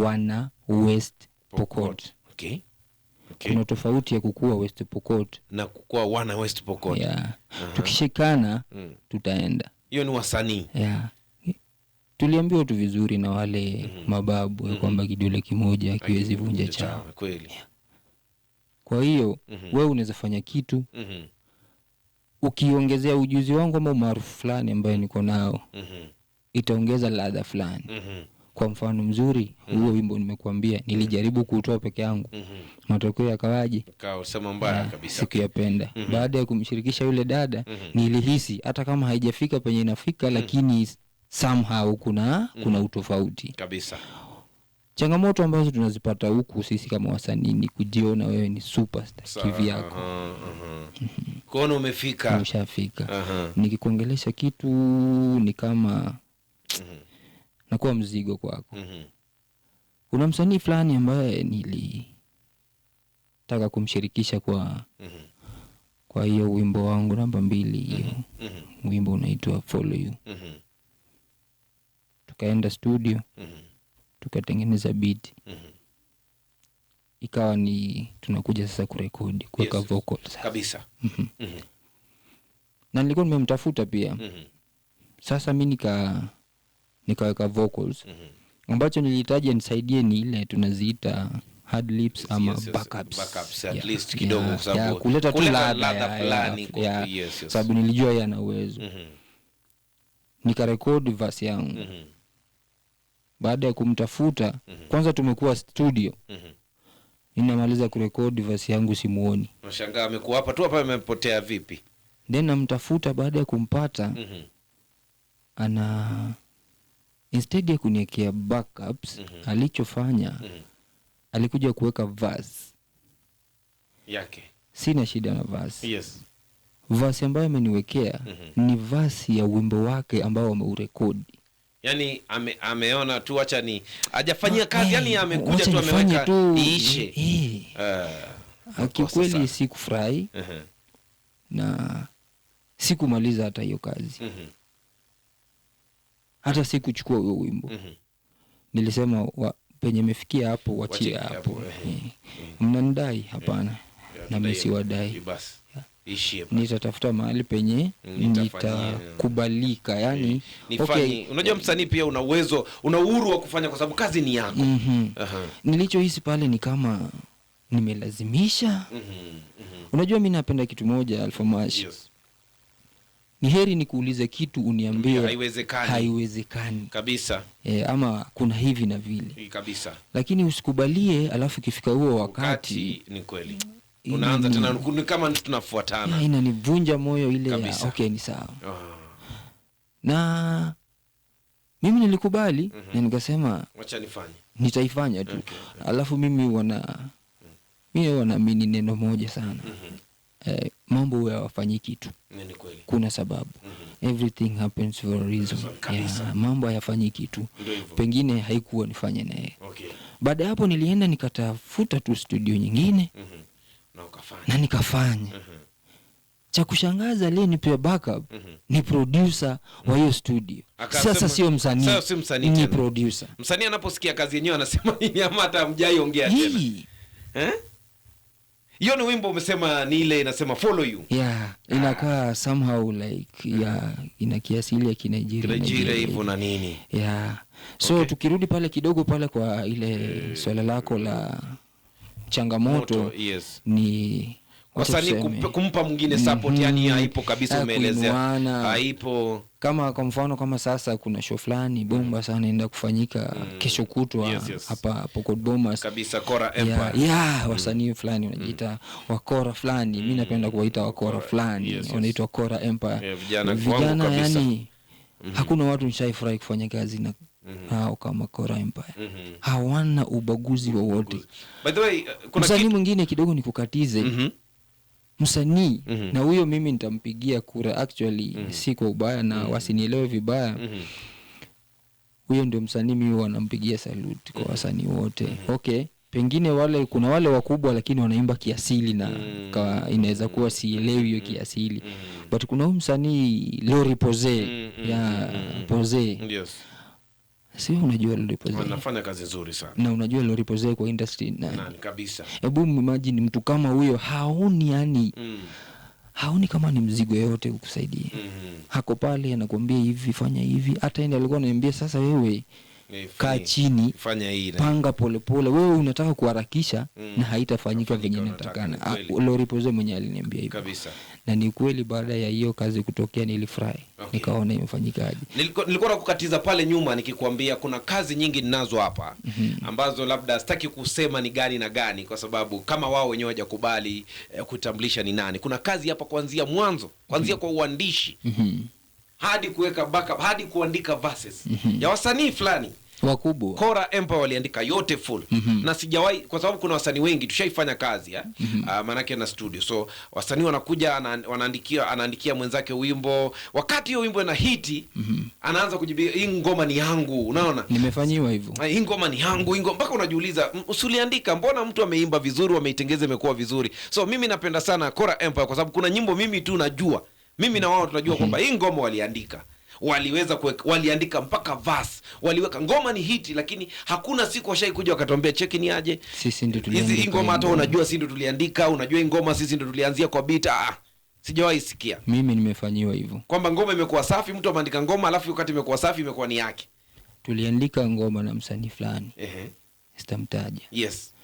wana West Pokot. Okay. Okay. Kuna tofauti ya kukua West Pokot na kukua wana West Pokot. Yeah. Uh -huh. Tukishikana mm. tutaenda. Hiyo ni wasanii. Yeah. Tuliambiwa tu vizuri na wale mm -hmm. mababu mm -hmm. kwamba mm-hmm. kidole kimoja akiwezi vunja chao. Kweli. Kwa hiyo mm -hmm. wewe unaweza fanya kitu mm -hmm. ukiongezea ujuzi wangu ama umaarufu fulani ambayo niko nao mm -hmm. itaongeza ladha fulani mm -hmm. Kwa mfano mzuri mm-hmm. huo mm -hmm. wimbo nimekuambia nilijaribu kuutoa peke yangu mm -hmm. matokeo yakawaje? Mbaya eh, kabisa. Sikuyapenda mm -hmm. baada ya kumshirikisha yule dada mm -hmm. nilihisi hata kama haijafika penye inafika, mm-hmm. lakini mm -hmm. somehow kuna mm -hmm. kuna mm-hmm. utofauti kabisa. Changamoto ambazo tunazipata huku sisi kama wasanii ni kujiona wewe ni superstar kivyako. Kuona umefika, umeshafika. Nikikuongelesha kitu ni kama mm -hmm nakuwa mzigo kwako. mm -hmm. Kuna msanii fulani ambaye nilitaka kumshirikisha kwa mm -hmm. kwa hiyo wimbo wangu namba mbili hiyo mm -hmm. wimbo unaitwa Follow You mm -hmm. tukaenda studio mm -hmm. tukatengeneza biti mm -hmm. ikawa ni tunakuja sasa kurekodi kuweka yes. kabisa mm -hmm. mm -hmm. na nilikuwa nimemtafuta pia mm -hmm. sasa mi nika nikaweka vocals mm -hmm. ambacho nilihitaji anisaidie ni ile tunaziita hard lips ama backups. kidogo yeah, sababu kuleta tu ladha fulani yeah, sababu nilijua yeye ana uwezo mm -hmm. nikarekodi verse yangu mm -hmm. baada ya kumtafuta mm -hmm. kwanza tumekuwa studio mm -hmm inamaliza kurekodi vasi yangu simuoni nashangaa amekuwa hapa tu hapa amepotea vipi then namtafuta baada ya kumpata mm-hmm. ana instead ya kuniekea backups mm -hmm. alichofanya mm -hmm. alikuja kuweka verse yake. Sina shida na verse yes. Verse ambayo ameniwekea mm -hmm. ni verse ya wimbo wake ambao ameurekodi yani ame, ameona tu acha ni ajafanyia ah, kazi hey, eh, yani amekuja tu ameweka tu, iishe hey. Uh, ah, kiukweli sikufurahi uh mhm. -huh. na sikumaliza hata hiyo kazi uh mhm. -huh hata si kuchukua huyo wimbo mm-hmm. nilisema wa, penye mefikia hapo wachie hapo eh. eh. mm mnanidai hapana eh. na mi nitatafuta mahali penye mm, nitakubalika yani okay. unajua msanii pia una uwezo una uhuru wa kufanya kwa sababu kazi ni yako mm-hmm. uh-huh. nilichohisi pale ni kama nimelazimisha mm-hmm. Mm-hmm. unajua mi napenda kitu moja alfamashi yes ni heri ni kuuliza kitu uniambie haiwezekani, haiwezekani kabisa. E, ama kuna hivi na vile kabisa, lakini usikubalie, alafu ikifika huo wakati, ni kweli unaanza tena kama tunafuatana, inanivunja moyo ile ya, okay ni sawa oh. na mimi nilikubali mm -hmm. na nikasema wacha nifanye, nitaifanya tu okay. alafu mimi wana mimi wanaamini neno moja sana mm -hmm. eh, mambo huyo hawafanyi kitu, kuna sababu mm-hmm. Everything happens for a reason yeah, mambo hayafanyi kitu, pengine haikuwa nifanye naye okay. Baada ya hapo nilienda nikatafuta tu studio nyingine mm -hmm. na nikafanya mm-hmm. Cha kushangaza leo nipewa backup mm -hmm. ni producer mm -hmm. wa hiyo studio akasema, sasa sio msanii, sasa sio msanii ni producer. Msanii anaposikia kazi yenyewe anasema nini? Ama hata mjaiongea tena eh? hiyo ni wimbo umesema ni ile inasema follow you. Yeah, inakaa ah, somehow like ya yeah, ina kiasi ile ya Kinigeria. Kinigeria na nini? Yeah. So okay, tukirudi pale kidogo pale kwa ile eh. swala lako la changamoto Moto, yes, ni wasanii kumpa mwingine support, mhm. yani haipo kabisa, umeelezea haipo kama kwa mfano kama sasa kuna show fulani bomba sana mm. inaenda kufanyika mm. kesho kutwa hapa yes, yes. Pokot Bomas kabisa Kora Empire yeah, yeah, mm. wasanii mm. fulani wanajiita mm. wakora fulani mm. mi napenda kuwaita wakora fulani yes, yes. wanaitwa Kora Empire yeah, vijana, vijana yani mm -hmm. hakuna watu nishaifurahi kufanya kazi na Mm -hmm. hao kama Kora Empire mm -hmm. hawana ubaguzi wowote. By the eh, msanii mwingine kidogo nikukatize mm -hmm msanii mm -hmm. na huyo mimi nitampigia kura actually mm -hmm. si kwa ubaya na mm -hmm. wasinielewe vibaya mm -hmm. huyo ndio msanii mimi wanampigia saluti kwa mhm. wasanii wote mm -hmm. okay pengine wale kuna wale wakubwa lakini wanaimba kiasili na mm. inaweza kuwa sielewi hiyo mhm. kiasili mm. but kuna huyu msanii Lori Pose mm. ya mhm. Pose yes si unajua wanafanya kazi nzuri sana, na unajua Loripoz kwa industry nani, nani kabisa. Hebu imagine mtu kama huyo haoni yani mm. haoni kama ni mzigo yote kukusaidia mm -hmm. hako pale anakuambia hivi, fanya hivi. Hata yeye alikuwa ananiambia sasa, wewe kaa chini, panga polepole. Wewe unataka kuharakisha mm. na haitafanyika venye natakana. Ah, Loripoze mwenye aliniambia hivyo na ni kweli. Baada ya hiyo kazi kutokea, nilifurahi okay. Nikaona imefanyikaje. Nilikuwa kukatiza pale nyuma nikikuambia kuna kazi nyingi ninazo hapa mm -hmm. ambazo labda sitaki kusema ni gani na gani, kwa sababu kama wao wenyewe hawajakubali eh, kutambulisha ni nani. Kuna kazi hapa kuanzia mwanzo, kuanzia mm -hmm. kwa uandishi mm -hmm hadi kuweka backup hadi kuandika verses mm -hmm. ya wasanii fulani wakubwa Kora Empire waliandika yote full mm -hmm. na sijawahi, kwa sababu kuna wasanii wengi tushaifanya kazi ya mm -hmm. uh, eh? maanake mhm. ah, na studio, so wasanii wanakuja wanaandikia, anaandikia mwenzake wimbo, wakati hiyo wimbo ina hiti mm -hmm. anaanza kujibia, hii ngoma ni yangu, unaona nimefanyiwa hivyo, ah, hii ngoma ni yangu, hii ngoma mpaka unajiuliza usuliandika, mbona mtu ameimba vizuri, wameitengeza imekuwa vizuri. So mimi napenda sana Kora Empire kwa sababu kuna nyimbo mimi tu najua mimi na wao mm-hmm. tunajua kwamba hii mm-hmm. ngoma waliandika waliweza kuweka, waliandika mpaka vas waliweka ngoma ni hiti, lakini hakuna siku washaikuja wakatuambia cheki ni aje, sisi ndio tuliandika hizi ngoma. Hata unajua sisi ndo tuliandika, unajua hii ngoma sisi ndo tulianzia kwa bita. Ah, ah, sijawahi sikia mimi nimefanyiwa hivyo kwamba ngoma imekuwa safi, mtu ameandika ngoma alafu wakati imekuwa safi imekuwa ni yake. Tuliandika ngoma na msanii fulani, ehe, sitamtaja. Yes,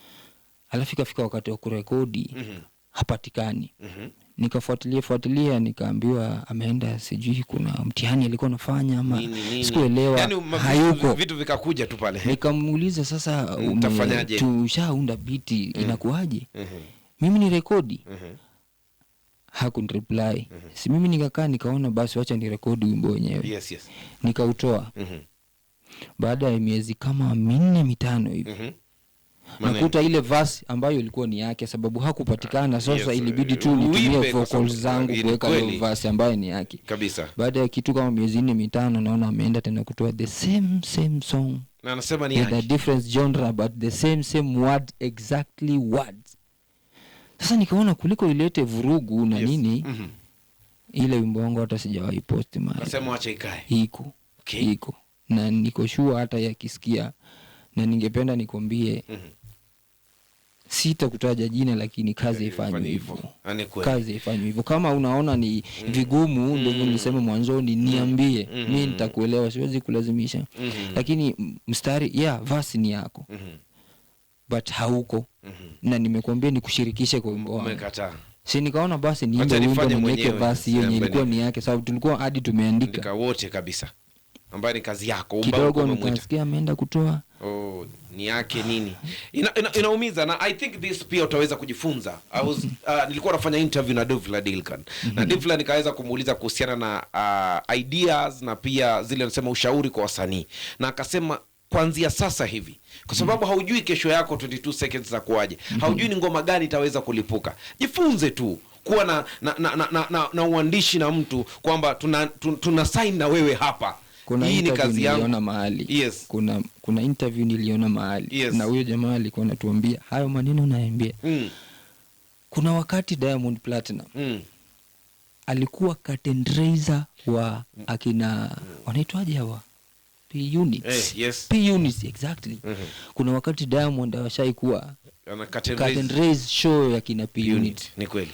alafu ikafika wakati wa kurekodi, mm -hmm hapatikani. mm -hmm. Nikafuatilia fuatilia nikaambiwa ameenda, sijui kuna mtihani alikuwa anafanya ama sikuelewa, yani hayuko, vitu vikakuja tu pale. Nikamuuliza sasa, utafanyaje? tushaunda biti mm -hmm. inakuwaje? mm -hmm. mimi ni rekodi mm -hmm. hakunireply. mm -hmm. si mimi nikakaa nikaona, basi wacha ni rekodi wimbo wenyewe. yes, yes. Nikautoa. mm -hmm. baada ya miezi kama minne mitano hivi mm -hmm nakuta ile vasi ambayo ilikuwa ni yake, sababu hakupatikana. Ah, Sasa yes, ilibidi eh, tu nitumie vocal ah, zangu kuweka hiyo vasi ambayo ni yake kabisa. Baada ya kitu kama miezi nne mitano, naona ameenda tena kutoa the same same song na anasema ni yake, the different genre but the same same word exactly words. Sasa nikaona kuliko ilete vurugu na yes. nini mm -hmm. Ile wimbo wangu hata sijawahi post mara, nasema acha ikae, iko okay. iko na niko sure hata yakisikia na ningependa nikwambie mm -hmm. Sitakutaja jina lakini kazi haifanywi hivyo, ah, kazi haifanywi hivyo. Kama unaona ni mm. vigumu, ndivyo mm. nilisema mwanzoni, niambie mm. mi nitakuelewa, siwezi kulazimisha mm lakini mstari yeah, vasi ni yako mm but hauko mm -hmm. na nimekuambia nikushirikishe kwa wimbo wangu si nikaona basi niimbe wimbo niweke vasi hiyo yenye ilikuwa ni yake, sababu tulikuwa hadi tumeandika wote kabisa ambayo ni kazi yako kidogo, nikasikia ameenda kutoa oh, ni yake nini, ina, ina, inaumiza na I think this pia utaweza kujifunza. I was, mhm. uh, nilikuwa nafanya interview na Dovla Dilkan mm -hmm. na mhm. Dovla nikaweza kumuuliza kuhusiana na uh, ideas na pia zile anasema ushauri kwa wasanii, na akasema kuanzia sasa hivi kwa mhm. sababu mm -hmm. haujui kesho yako 22 seconds za kuwaje, haujui ni ngoma gani itaweza kulipuka. Jifunze tu kuwa na, na, na, na, na, na, na uandishi na mtu kwamba tuna, tuna, tuna sign na wewe hapa kuna hii ni kazi yangu mahali yes. kuna kuna interview niliona mahali yes. na huyo jamaa alikuwa anatuambia hayo maneno naambia mm. kuna wakati Diamond Platinum mm. alikuwa catendraiser wa akina mm. wanaitwaje hawa P Units. Hey, eh, yes. P Units exactly. Mm-hmm. kuna wakati Diamond awashai kuwa show ya kina P Unit. Ni kweli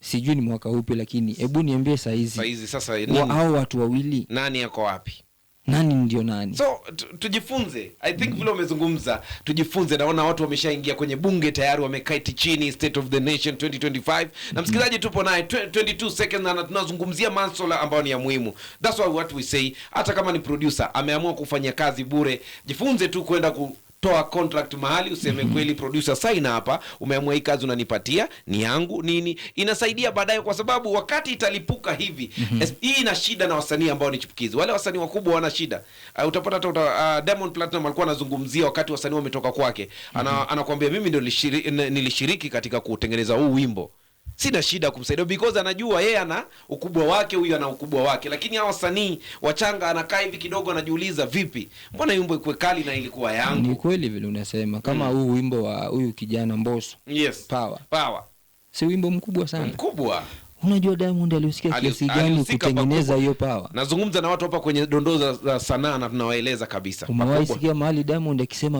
sijui ni mwaka upi, lakini hebu niambie saizi sasa hao watu wawili nani yako wapi? Nani ndio nani? So tujifunze, I think vile wamezungumza, tujifunze. Naona watu wameshaingia kwenye bunge tayari, wamekaiti chini, state of the nation 2025 na msikilizaji, tupo naye 22 seconds na tunazungumzia masuala ambayo ni ya muhimu. That's why what we say, hata kama ni producer ameamua kufanya kazi bure, jifunze tu kwenda ku toa contract mahali useme mm -hmm. Kweli producer, sign hapa, umeamua hii kazi unanipatia ni yangu nini, inasaidia baadaye, kwa sababu wakati italipuka hivi mm -hmm. Hii ina shida na wasanii ambao ni chipukizi, wale wasanii wakubwa wana shida. Uh, utapata hata uh, Diamond Platinum alikuwa anazungumzia wakati wasanii wametoka kwake, ana, mm -hmm. anakuambia mimi ndio nilishiriki katika kutengeneza huu wimbo sina shida kumsaidia because anajua yeye ana ukubwa wake, huyu ana ukubwa wake. Lakini hawa wasanii wachanga anakaa hivi kidogo, anajiuliza vipi, mbona wimbo ikuwe kali na ilikuwa yangu? Ni kweli vile unasema, kama mm. huu mm. wimbo wa huyu kijana mboso yes. Power Power, si wimbo mkubwa sana, mkubwa Unajua Diamond alihusika kiasi gani kutengeneza hiyo pawa? Nazungumza na watu hapa kwenye dondoo za sanaa na tunawaeleza kabisa. Umewahi mahali Diamond akisema